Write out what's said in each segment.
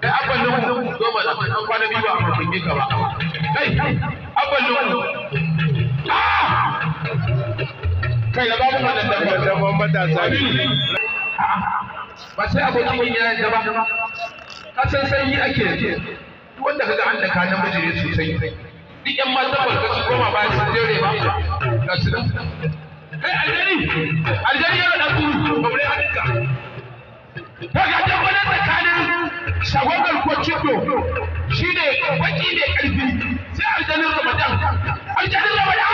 kai abban nuhu zo ma da an kwana biyu ba a kunye ka ba kai abban nuhu ah! kai da babu wannan da farkon matasa ne ba sai abokin yin yayin da ba kasan sanyi ake duk wanda kaga an da kanan bijire sosai duk yan matan barka su koma bayan sun jere ba ga su nan kai aljani aljani yana da kuru ba mu ne hannunka ka ga jan wani tsakanin shagogar ko shi ne baki ne ƙarfi sai aljanin ramadan aljanin ramadan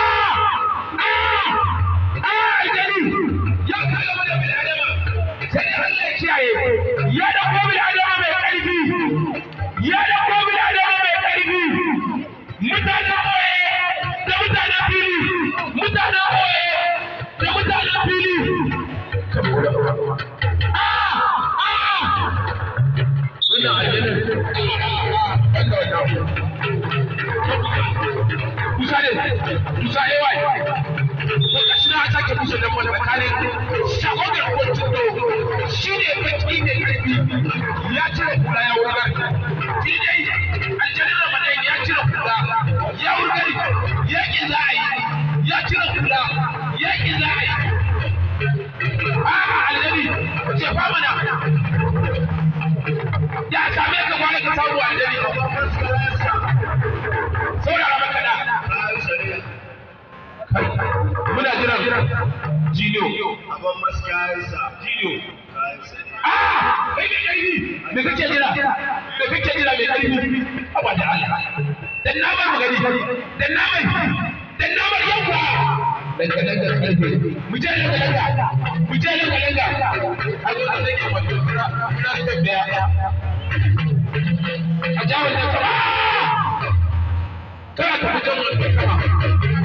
I'm Marshall, the one of the jiniyo abin masu kayansa jiniyo ah kai da kake jira Me kake jira mai ƙarfi abu da Allah dan na bar magani dan na bar dan na bar yanka dan ka dan ka karfe mu je da kalanga mu je da kalanga Allah zai yi wannan kira kira da biya a jawo da kama kana ah! ka fitan wannan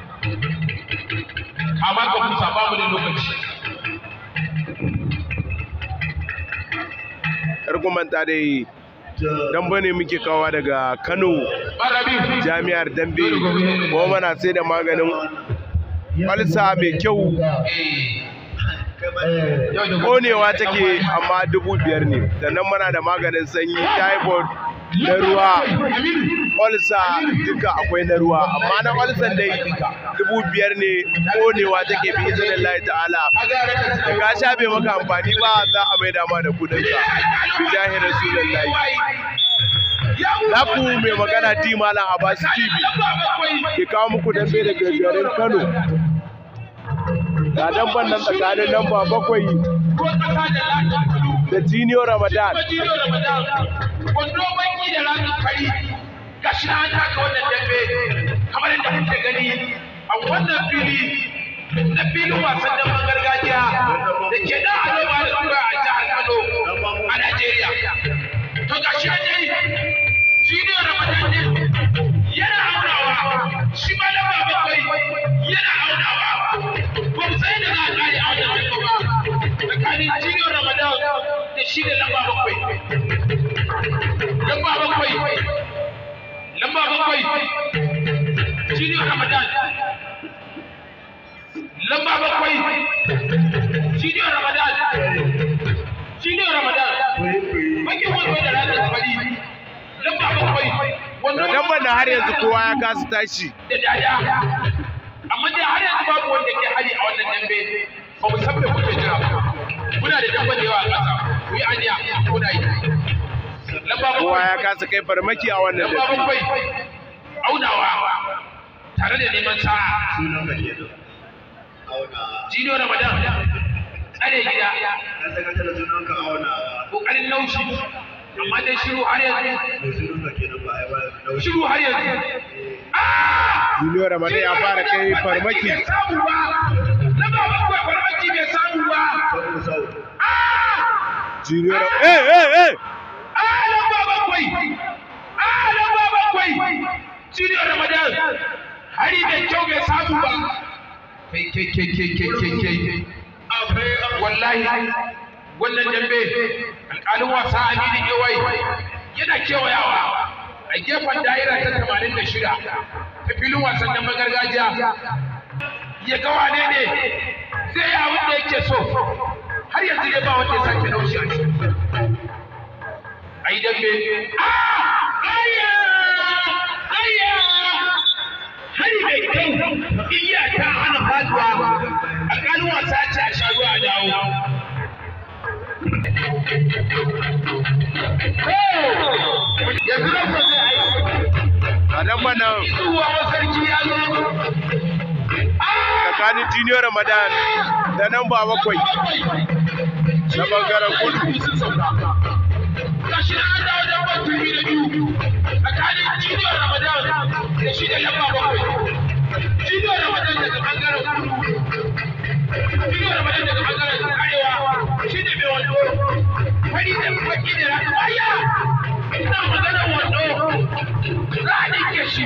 amma ka kusa ba mu da lokaci dai ne muke kawa daga kano jami'ar dambe kuma mana sai da maganin falsa mai kyau konewa take amma dubu biyar ne sannan mana da maganin sanyi typhoid da ruwa olsa duka akwai na ruwa amma na olsan dai dubu biyar ne konewa take bi izinin Allah ta'ala da ka bai maka amfani ba za a mai dama da kudinka bi jahin rasulullahi Naku mai magana di Malam Abbas TV ke kawo muku dambe da garin Kano. Ga damban nan tsakanin lamba bakwai da Tiniyo Ramadan. gashi na an taka wannan dambe kamar yadda kuke gani a wannan fili na filin wasan damben gargajiya da ke da a da a jihar Kano a Najeriya. To gashi an yi. Sheikh Ramadan lamba bakwai Junior Ramadan Junior Ramadan bakin wanda da ranar fari lamba bakwai wannan ban da har yanzu kowa ya kasa tashi da daya amma da har yanzu babu wanda ke hari a wannan dambe ba mu san me kuke jira ba muna da dambe da yawa a ƙasa ku yi aniya da yi kowa ya kasa kai farmaki a wannan dambe aunawa tare da neman sa'a sunan tsare gida laushi amma dai shiru har yanzu shiru har yanzu eh. ah! ramadan ya fara kai farmaki farmaki bai samu ba ah! ah! eh eh eh ah ramadan hari da kyau bai samu ba kai kai kai kai kai kai kai wallahi wannan dambe alƙalin wasa aminu ewai yana kewayawa a gefen daira ta tamanin da shida ta filin wasan dambe gargajiya ya ga wane ne zai yi abin da yake so har yanzu dai ba wanda ya sake naushi a shi Ayi dambe ayya ah! ayya hari da kyau iya ta hana faduwa alƙalin ta ce a sha zuwa dawo yanzu na kuwa zai aiki a nan mana sarki ya zo tsakanin junior ramadan da nan ba bakwai na bangaren kudu gashi na an dawo da biyu tsakanin junior ramadan da shi da yamma gini na su ayya ina wando za a ɗinke shi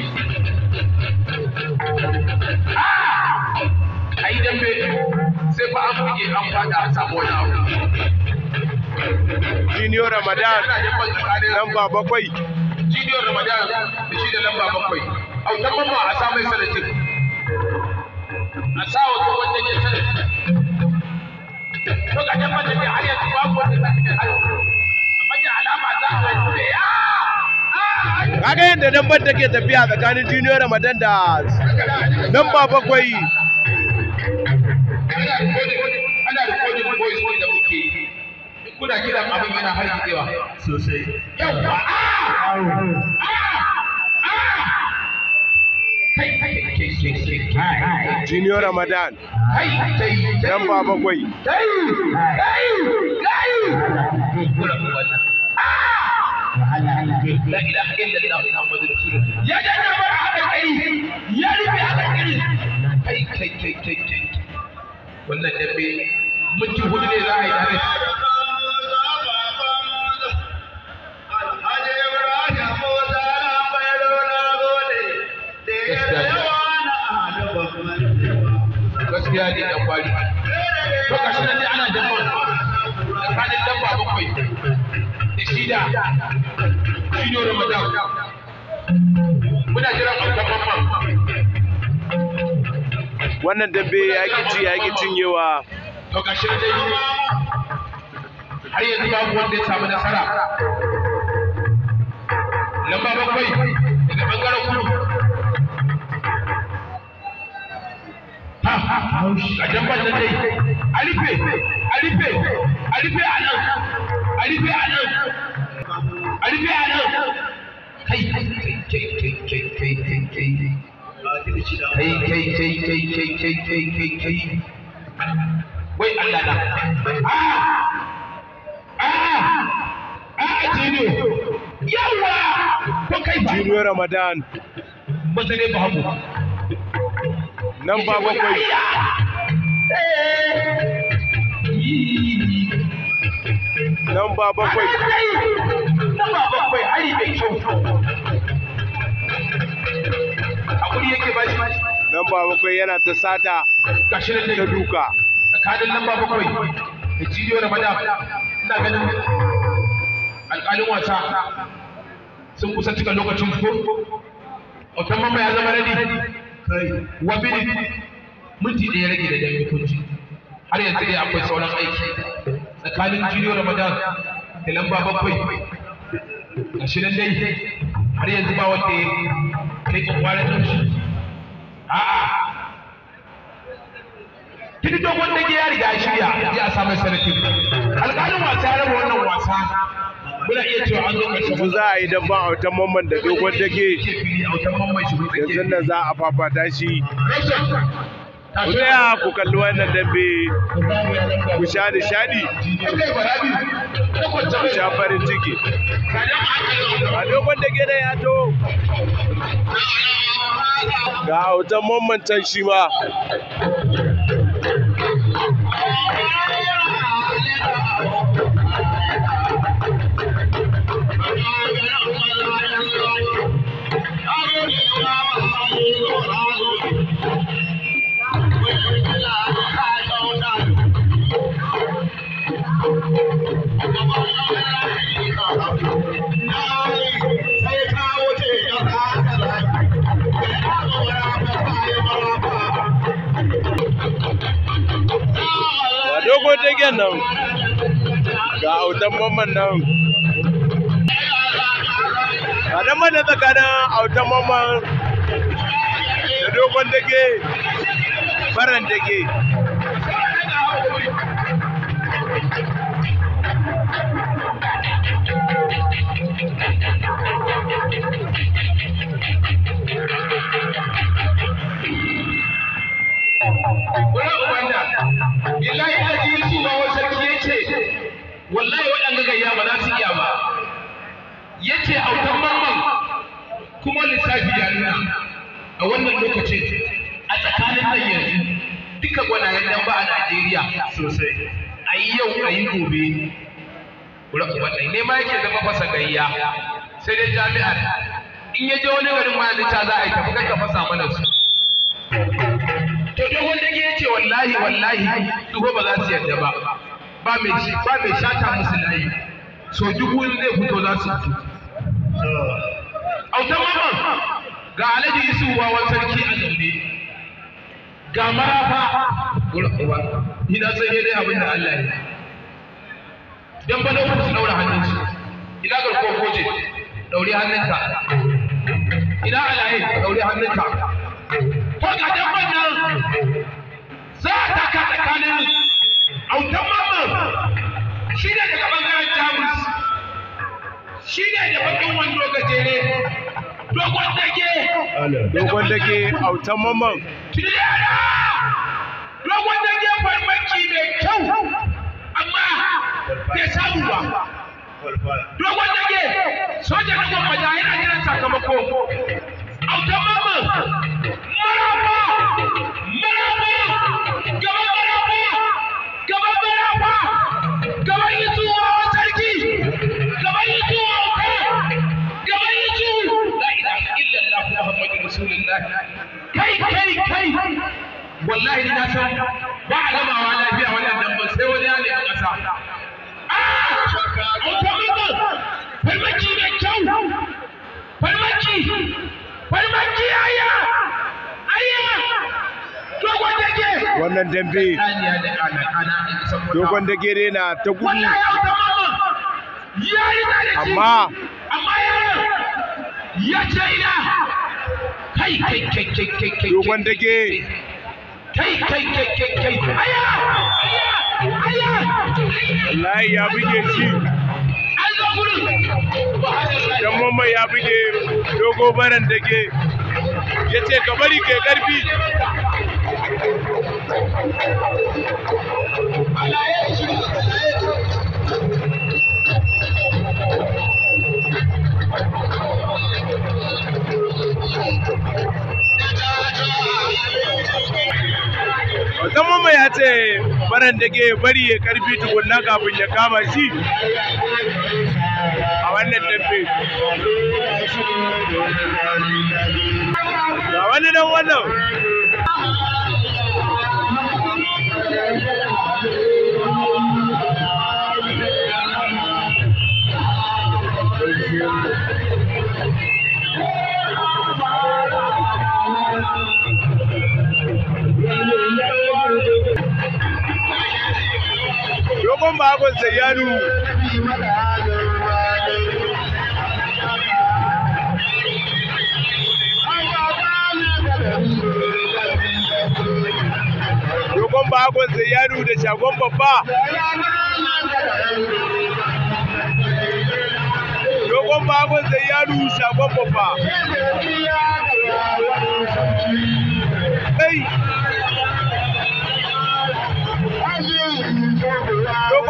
a yi dambe sai ba an buge an faɗa an samu wani abu Junior Ramadan bakwai. Junior Ramadan da shi da lamba bakwai. Au ta mamma a sa mai sanatin. A sa wa wanda ke sanatin. ga ta da har yanzu babu wanda kaga yadda dambar take tafiya tsakanin junior ramadan da namba bakwai kuna Junior Ramadan dan la ilaha illallah muhammadur rasulullah da na ya rufe haka kai kai kai kai hudu ne za a wannan dabe ya ki ci ya ki cinyewa to har yanzu babu wanda ya samu nasara lamba bakwai daga bangaren kudu jamban dai alife alife alife a nan alife a nan alife a nan kai kai kai kai kai kai kai kai kai kai kai kai kai kai kai kai wai Allah a a ah! ah! ah! jini yawa ko kai ba jini Ramadan mazane ba mu nan ba bakwai nan ba bakwai nan ba bakwai hari mai kyau hakuri yake ba shi lamba bakwai yana ta sata ta duka tsakanin lamba bakwai da jiyo da madam ina ganin alƙalin wasa sun kusa cika lokacin ko otan mamba ya zama radi wa bini minti ɗaya rage da dami kunci har yanzu dai akwai sauran aiki tsakanin jiyo da madam da lamba bakwai a shirin dai har yanzu ba wanda ya riƙe kwarar taushi a'a tun duk wanda ke ya riga shirya a samun sanatin alƙalin wasa ya raba wannan wasa muna za a yi dabban autan mamman da dogon dage yanzu da za a fafata shi ku tsaya ku kalli wannan dambe ku sha nishadi ku sha farin ciki a dogon da gida ya to ga autan mamantan shi ma Amaryan nan ga autan mamman nan ga dan mana tsakanin autan mamman da dogon dage baran dage Billahi ce autan mamman kuma lissafi ya nuna a wannan lokacin a tsakanin nan yanzu duka gwanayen dan ba a Najeriya sosai a yi yau a yi gobe kura kuma ɗai ne ma yake zama fasa gayya sai dai jami'ar in ya je wani garin wani ta za a yi tafi kai ka fasa mana su to duk wanda ke ce wallahi wallahi duho ba za su yarda ba ba mai shata musu layi so duk wani zai fito za su fito autan mamman ga isu wa wani sarki a zaune ga marafa gurɓuwa ni na sai dai abin da Allah ya dan ba dauka su daura hannunsu ina garko koje daure hannunka ina alaye daure hannunka ko ga dan nan za ta ka tsakanin autan shi ne da bakin wando gajere dogon dake dogon dake autan mamman tiyara dogon dake farmaki mai kyau amma bai samu ba dogon dake soja da gwamnati yana jiran sakamako autan mamman wallahi ni na san ba a wa lafiya wannan damban sai wani ya ne a ah! farmaki da kyau farmaki farmaki aya aya dogon dage wannan dambe dogon dage ne na ta gudu amma ya ce ina kai kai kai kai kai kai, kai kai kai kai kai kai aya aya wallahi ya buge ci. dan mamman ya buge dogo baran dage ya ce ka bari ke karfi dan mama ya ce baran da ke bari ya karfi tukunna kafin ya kama shi a wannan dambe ga wani dan wannan lamba abin zayyanu dogon bakon zayyanu da shagon babba dogon bakon zayyanu shagon babba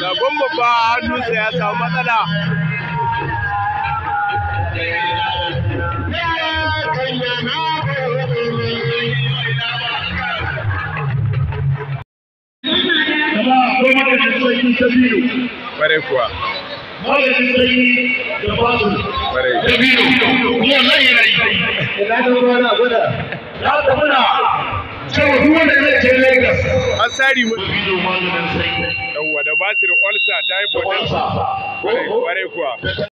Lagon babba hannunsa ya samu matsala. Kwarai kuwa. Malamin sanyi da basu. Kwarai. Da biyu. Kuma nan yanayi. Ina da ruwa na gwada. Na ta muna cewa duk wanda zai Lagos an sari mu da basir olsa typhoid ko bare kuwa